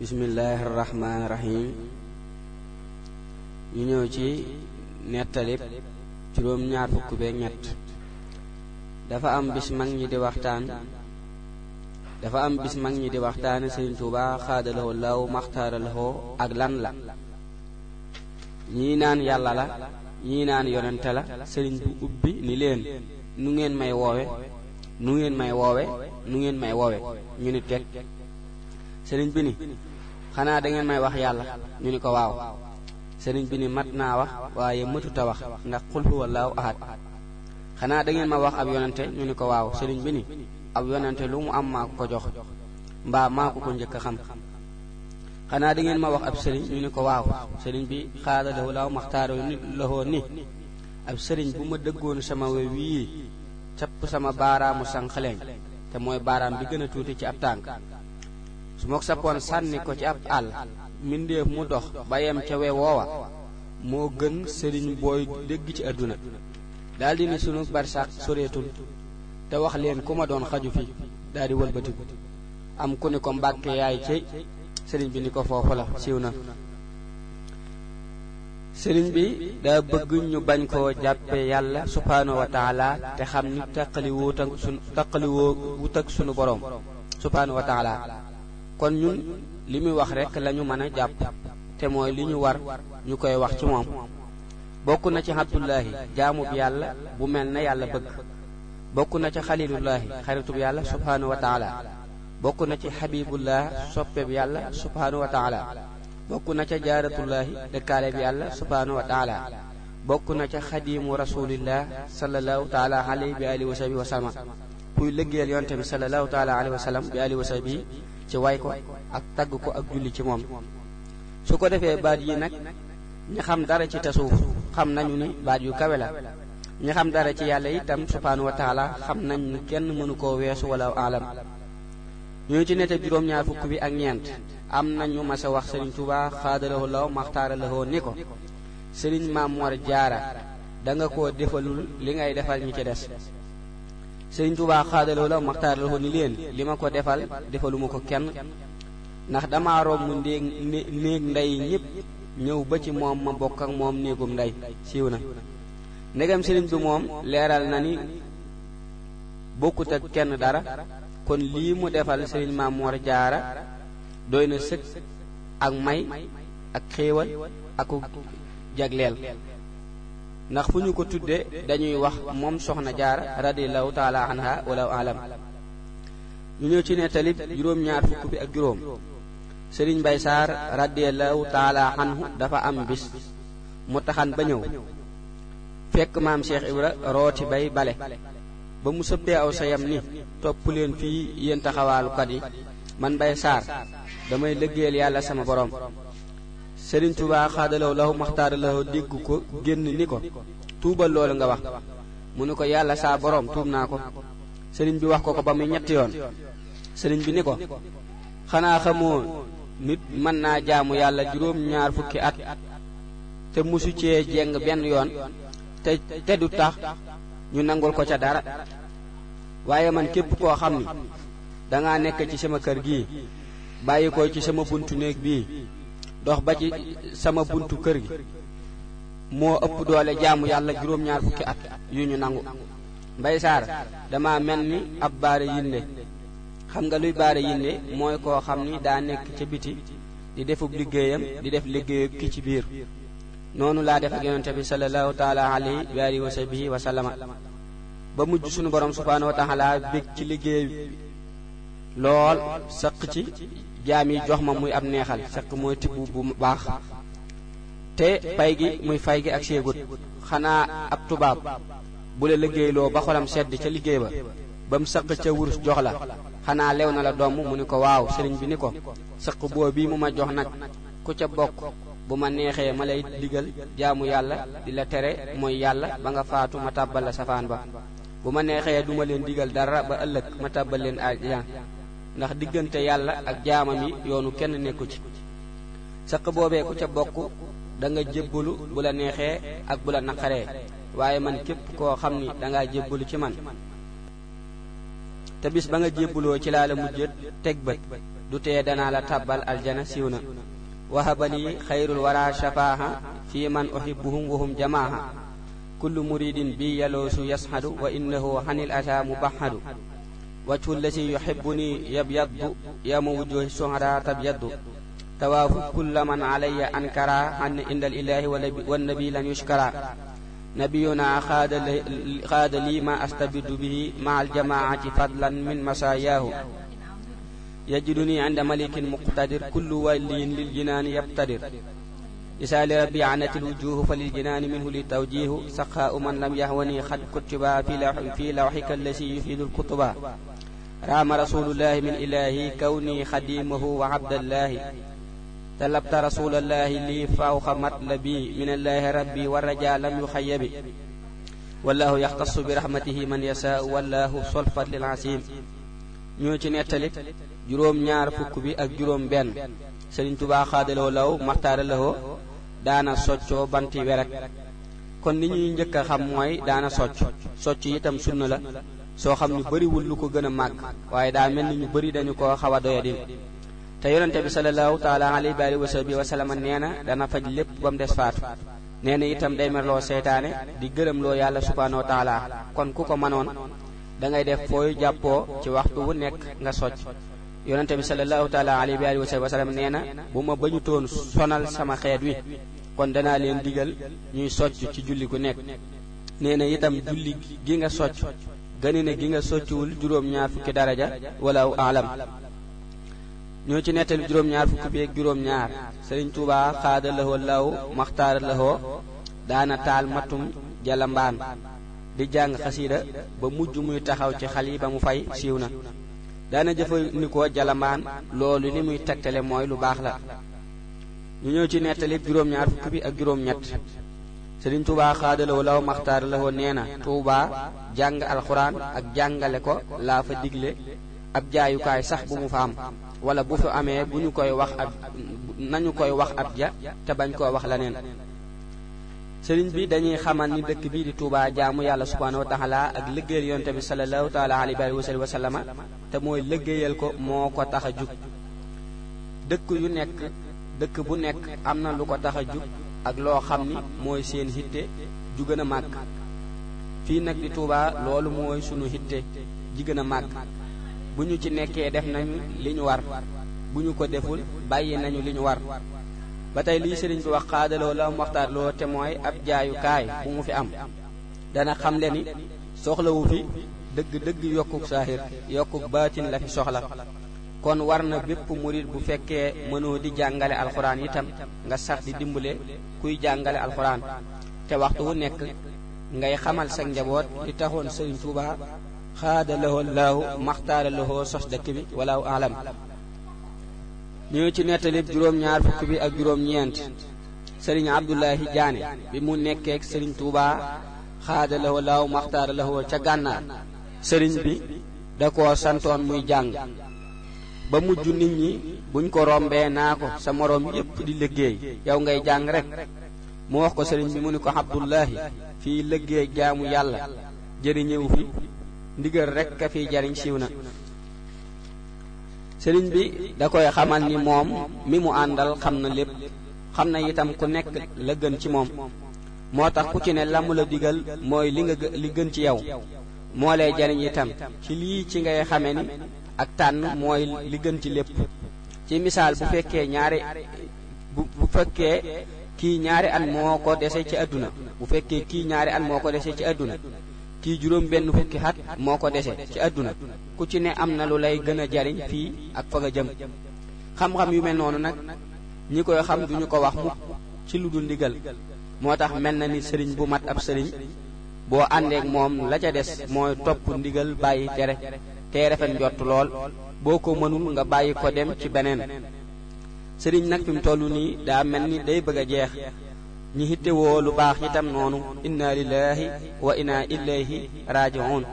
bismillaahi rahmaani rahiim ñu ñëw ci nettalib juróom ñaar fukk beeg ñett dafa am bis mag ñi di waxtaan dafa am bis mag ñi di waxtaane Sëriñ Tuuba xaadalahoo law maxtaaralahoo ak lan la ñii naan yàlla la ñii naan yonente la sëriñ bu ubbi ni leen nu ngeen may woowe nu ngeen may woowe ngeen may woowe ñu ni teg sëriñ bi ni xanaa da ngeen may wax yàlla ñu ni ko waaw sëriñ bi ni mat naa wax waaye matuta wax ndax qul huwa allahu ahad xanaa da ma wax ab yonente ñu ni ko waaw sëriñ bi ni ab yonente lu mu am maa ko jox mbaa maa ko ko njëkk a xam xanaa da ngeen ma wax ab sëriñ ñu ni ko waaw sëriñ bi xaada lahu loxo maxtaaro ni ab sëriñ bu ma dëggoon sama we wii capp sama baaraamu sànqaleñ te mooy baaraam bi gën a tuuti ci ab tànk su ma sappoon sànni ko ci ab àll mbindeef mu dox ba yem ca we woowa moo gën sëriñ booy dégg ci àdduna daldi ne sunu barsax soreetul te wax leen ku ma doon xaju fi daldi wëlbatiku am ku ni ko mbàkke yaay cey sëriñ bi ni ko foofu la siiw na sëriñ bi daa bëgg ñu bañ koo jàppe yàlla subhaanahu wa taala te xam ni taqali wuut ak sunu taqali wuut ak kon ñun li muy wax rek lañu ñu mën a jàpp te mooy li ñu war ñu koy wax ci moom bokk na ci abdullahi jaamub yàlla bu mel na yàlla bëgg bokk na ca xalilullahi xaritub yàlla subhaanahu wa taala bokk na ci xabibullah soppeb yàlla subhaanahu wa taala bokk na ca jaaratullahi dëkkaaleb yàlla subhaanahu wa taala bokk na ca xadimu rasulillah sallallahu taala alayhi wa alihi wa sahbihi wa sallam kuy liggéeyal yonte bi sallallahu taala alayhi wa sallam bi alihi wa sahbihi ci way ko ak tagg ko ak julli ci moom su ko defee baat yi nag ñi xam dara ci tasuuf xam nañu ni baat yu kawe la ñi xam dara ci yàlla itam subhaanahu wa xam nañ ni kenn mënu koo weesu wala alam ñoo ci nete juróom-ñaar fukk bi ak ñeent am na ñu a wax sëriñ Tuubaa xaadalawo law maxtaara ni ko sëriñ Maam Mor Jaara danga ko koo defalul li ngay defal ñi ci des sëriñ Tuubaa xaadaloo la maxtaaraloo ni leen li ma ko defal defaluma ko kenn ndax dama romb mu néeg ndey ñëpp ñëw ba ci moom ma bokk ak moom néegum ndey siiw na ndegam sëriñ bi moom leeral na ni bokkut kenn dara kon lii mu defal sëriñ Maam Mor Jaara doy na sëkk ak may ak xéewal ak jagleel ndax fu ñu ko tuddee dañuy wax moom soxna jaara radiallahu taala anha wala alam ñu ñëw ci nettali juróom-ñaar fukk bi ak juróom sëriñ bay saar radiallahu taala anhu dafa am bis mu taxan ba ñëw fekk maam cheikh ibra rooti bay bale ba mu sëppee aw sayam ni topp leen fii yéen taxawaalukat yi man bay saar damay lëggeel yàlla sama borom Sëriñ Tuubaa xaadalaw lahu maxtaara ko génn ni ko tuubal loolu nga wax mu ne ko yàlla saa boroom tuub naa ko sëriñ bi wax ko ko ba muy ñetti yoon sëriñ bi ni ko xanaa xamoo nit mën naa jaamu yàlla juróom ñaar fukki at te musu cee jeng benn yoon te te du tax ñu nangul ko ca dara waaye man képp koo xam ni danga nekk ci sama kër gi bàyyi ko ci sama buntu néeg bii dox ba ci sama buntu kër gi moo ëpp doole jàmm yàlla juróom-ñaar fukki at yu ñu nangu mbay saar dama mel ni ab baare yinde xam nga luy baare yinde mooy koo xam ni daa nekk ci biti di defub liggéeyam di def liggéeyub ki ci biir noonu laa def ak bi sallallahu taala alayhi wa alihi wa ba mujj sunu borom subhanahu wa taala ci liggéey lool sëq ci jaam yi jox ma muy ab neexal sëq mooy tibb bu baax te pay gi muy fay gi ak seegut xanaa ab tubaab bu la liggéeyloo ba xolam sedd ca liggéey ba ba mu sëq ca wurus jox la xanaa lew na la doom mu ni ko waaw sëriñ bi ni ko sëq boo bii mu ma jox nag ku ca bokk bu ma neexee ma lay digal jaamu yàlla di la tere mooy yàlla ba nga faatu ma tàbbal la safaan ba bu ma neexee duma leen digal dara ba ëllëg ma tàbbal leen ajjaan ndax diggante yàlla ak jaamam yoonu kenn nekku ci saq boobee ku ca bokk danga nga bu la neexee ak bu la naqaree waaye man képp koo xam ni dangaa jébbalu ci man te bis ba nga jébbaloo ci laa la mujjë teg bët du tee danaa la tàbbal aljana siiw na wahabali xayrul wara shafaaha fi man uhibbuhum wahum jamaaha kullu muridin bi yaloosu yashadu wa innahu hanil ata mubahadu wajhu allati yuhibbuni yabyaddu yawma wujuhi shuhada tabyaddu tawaafu kulla man alayya ankara an inda ilaahi wannabi lan yushkara nabiyuna xaada lii ma astabidu bihi ma aljamaati fadlan min masaayaahu yajiduni inda malikin muqtadir kullu waliyin lil jinaani yabtadir isaa li rabbi anatil wujuhu fa lil jinaani minhu li tawjihu saqaa u man lam yahwani xad kutiba fi lawxi fi lawxika allasi yufidu lkutuba raama rasulullahi min ilahi kawni xadimahu wa abdallahi talabta rasulallahi lii fawqa matlabi min allahi rabbi wa raja lam yuxayabi wallahu yaxtasu bi rahmatihi man yasaa wallahu solfatlil asim ñoo ci nettali juróom ñaar fukk bi ak juróom benn Sëriñ Tuubaa xaadaloo law maxtaaralawoo daana soccoo banti weret kon ni ñuy njëkk a xam mooy daana socc socc itam sunna la soo xam ñu bariwul lu ko gën a màgg waaye daa mel ni ñu bëri dañu koo xaw a doyadil te yonente bi sallallahu taala alayhi wa sahbihi wa sallam nee na dana faj lépp ba mu des faatu nee na itam day merloo seytaane di gërëm loo yàlla subhanahu wa kon ku ko mënoon da ngay def fooy jàppoo ci waxtu wu nekk nga socc yonente bi sallallahu taala alayhi wa alihi nee na bu ma bañutoon sonal sama xeet wi kon dana leen digal ñuy socc ci julli gu nekk nee na itam julli gi nga socc gëni ne gi nga soccuwul juróom-ñaar fukki daraja wala alam ñoo ci nettali juróom-ñaar fukki beeg juróom-ñaar Sëriñ Tuubaa xaada lahoo law maxtaara daana taal matum jalambaan di jàng xasiida ba mujj muy taxaw ci xal yi ba mu fay siiw na daana jëfandikoo jalamaan loolu li muy tegtale mooy lu baax la ñu ñëw ci nettali juróom-ñaar fukk bi ak juróom-ñett Sëriñ Tuubaa xaadalawo law maxtaar lawoo nee na Tuubaa jàng alxuraan ak jàngale ko laa fa digle ab jaayukaay sax bu mu fa am wala bu fa amee bu ñu koy wax ab nañu koy wax ab ja te bañ koo wax la leneen sëriñ bi dañuy xamal ni dëkk bii di Touba jaamu yàlla subhaanahu wa taala ak liggéeyal yonte bi sallallahu taala alayhi wa sallam wa sallama te mooy liggéeyal ko moo ko tax a jug dëkk yu nekk dëkk bu nekk am na lu ko tax a jug ak loo xam ni mooy seen hitte ju gën a màgg fii nag di Touba loolu mooy sunu hitte ji gën a màgg bu ñu ci nekkee def nañu li ñu war bu ñu ko deful bàyyi nañu li ñu war ba tey lii sëriñ bi wax xaadaloo la am waxtaan loo te mooy ab jaayukaay bu mu fi am dana xamle ni soxlawu fi dëgg dëgg yokkuk saahir yokkuk baatin la fi soxla kon war na bépp murit bu fekkee mënoo di jàngale alxuraan itam nga sax di dimbale kuy jàngale alxuraan te waxtu wu nekk ngay xamal sa njaboot li taxoon sëriñ Tuubaa xaadaloo laahu maxtaara lahoo sos dëkk bi walaahu alam ñu ci nettalib juróom-ñaar fukk bi ak juróom-ñeent sëriñ Abdullahi Jaane bi mu nekkee ak sëriñ Touba xaada lawo laaw maxtaara lawo ca gànnaar sëriñ bi da koo santoon muy jàng ba mujj nit ñi buñ ko rombee naa ko sa moroom yépp di liggéey yow ngay jàng rek mu wax ko sëriñ bi mu ni ko Abdullahi fii liggéey jaamu yàlla jëriñëwu fi ndigal rek ka fiy jariñ siiw na sëriñ bi da koy xamal ni moom mi mu àndal xam na lépp xam na itam ku nekk la gën ci moom moo tax ku ci ne la mu la digal mooy li nga li gën ci yow moo lay jariñ itam ci lii ci ngay xame ni ak tànn mooy li gën ci lépp ci misaal bu fekkee ñaari bu bu fekkee kii ñaari at moo ko dese ci àdduna bu fekkee kii ñaari at moo ko dese ci àdduna kii juróom benn fukki xat moo ko dese ci àdduna ku ci ne am na lu lay gën a jariñ fii ak fa nga jëm xam-xam yu mel noonu nag ñi koy xam duñu ko wax mukk ci lu dul ndigal moo tax mel na ni sëriñ bu mat ab sëriñ boo àndeek moom la ca des mooy topp ndigal bàyyi tere te rafet njott lool boo ko mënul nga bàyyi ko dem ci beneen sëriñ nag fi mu nii daa mel ni day bëgg a jeex ñi hittewoo lu baax itam noonu inna lillahi wa inna ilayhi raji'un